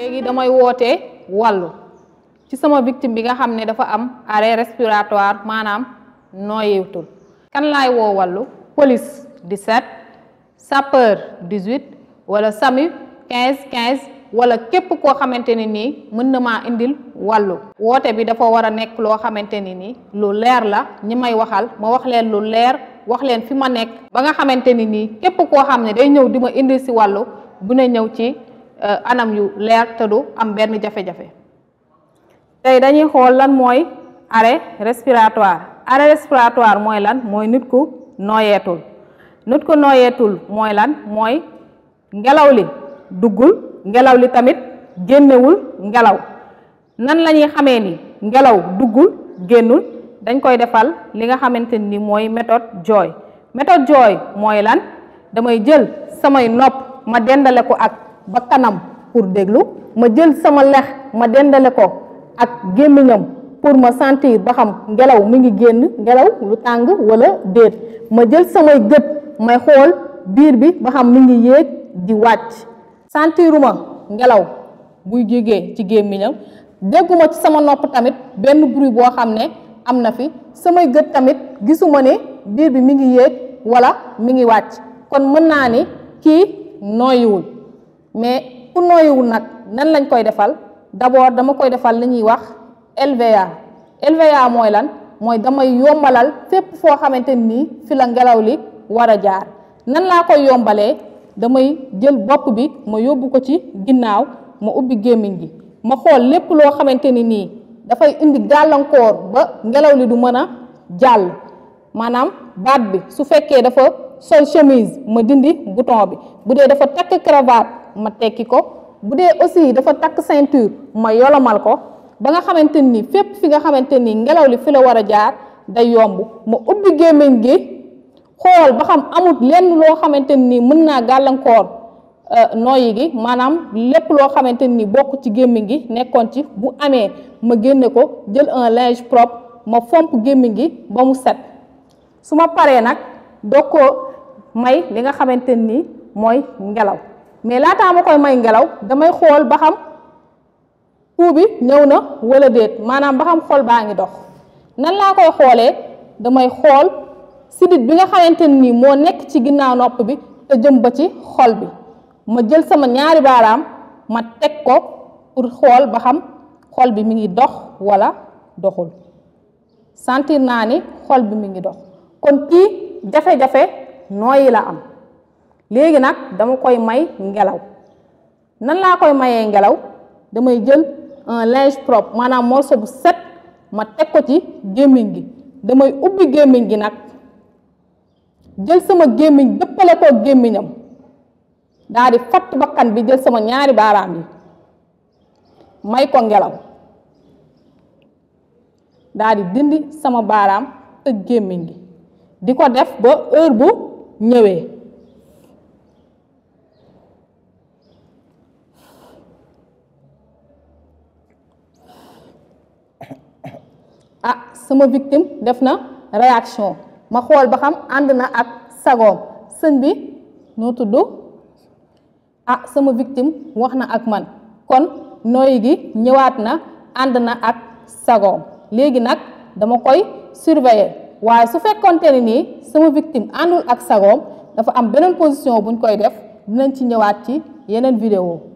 léegi damay woote wàllu ci sama victime bi nga xam ne dafa am arrêt respiratoire maanaam nooyeetul kan laay woo wàllu police 17 sapeur 18 wala SAMU 15 15 wala képp koo xamante ne nii mën na maa indil wàllu woote bi dafa war a nekk loo xamante ne nii lu leer la ñi may waxal ma wax leen lu leer wax leen fi ma nekk ba nga xamante ne nii képp koo xam ne day ñëw di ma indil si wàllu bu ne ñëw ci Euh, anam yu leer du am benn jafe-jafe tey dañuy xool lan mooy arrêt respiratoire arrêt respiratoire mooy lan mooy nit ku nooyeetul nit ku nooyeetul mooy lan mooy ngelaw li duggul ngelaw li tamit génnewul ngelaw nan la ñuy xamee ni ngelaw duggul génnul dañ koy defal li nga xamante ni mooy méthode jooy méthode jooy mooy lan damay jël samay nopp ma dendale ko ak ba kanam pour déglu ma jël sama lex ma dendale ko ak gémmiñam pour ma sentir ba xam ngelaw mi ngi génn ngelaw lu tàng wala déet ma jël samay gët may xool biir bi ba xam mi ngi yéeg di wàcc sentiruma ngelaw buy jógee ci gémmiñam dégguma ci sama nopp tamit benn bruit boo xam ne am na fi samay gët tamit gisuma ne biir bi mi ngi yéeg wala mi ngi wàcc kon mën naa ni kii nooyiwul mais ku nooyuwul nag nan lañ koy defal d'abord dama koy defal li ñuy wax LVA LVA mooy lan mooy damay yombalal fépp foo xamante nii fi la ngelaw li war a jaar nan laa koy yombalee damay jël bopp bi ma yóbbu ko ci ginnaaw ma ubbi gémmiñ gi ma xool lépp loo xamante ni nii dafay indi gàllankoor ba ngelaw li du mën a jàll maanaam baat bi su fekkee dafa sol chemise ma dindi bouton bi bu dee dafa takk cravate ma tekki ko bu dee aussi dafa takk ceinture ma yolomal ko ba nga xamante ni fépp fi nga xamante ni ngelaw li fi la war a jaar day yomb ma ubbi gémmiñ gi xool ba xam amut lenn loo xamante ni mën naa gàllankoor euh, nooyi gi maanaam lépp loo xamante ni bokk ci gémmiñ gi nekkoon ci bu amee ma génne ko jël un linge propre ma fomp gémmiñ gi ba mu set su ma paree nag doo ko may li nga xamante ni mooy ngelaw mais laataa ma koy may ngelaw damay xool ba xam pou bi ñëw na wala déet maanaam ba xam xol baa ngi dox nan laa koy xoolee damay xool sidit bi nga xamante nii moo nekk ci ginnaaw nopp bi te jëm ba ci xol bi ma jël sama ñaari baaraam ma teg ko pour xool ba xam xol bi mi ngi dox wala doxul sentir naa ni xol bi mi ngi dox kon kii jafe-jafe nooyi la am léegi nag dama koy may ngelaw nan laa koy mayee ngelaw damay jël un linge propre maanaam morceau bu set ma teg ko ci gémmiñ gi damay ubbi gémmiñ gi nag jël sama gémmiñ dëppale koo gémmiñam daal di fatt bakkan bi jël sama ñaari baaraam yi may ko ngelaw daal di dindi sama baaraam tëj gémmiñ gi di ko def ba heure bu ñëwee ah sama victime def na réaction ma xool ba xam ànd na ak sagoom sëñ bi noo tudd ah sama victime wax na ak man kon nooyi gi ñëwaat na ànd na ak sagoom léegi nag dama koy surveiller waaye su fekkonte ne nii sama victime àndul ak sagoom dafa am beneen position buñ koy def dinañ ci ñëwaat ci yeneen vidéo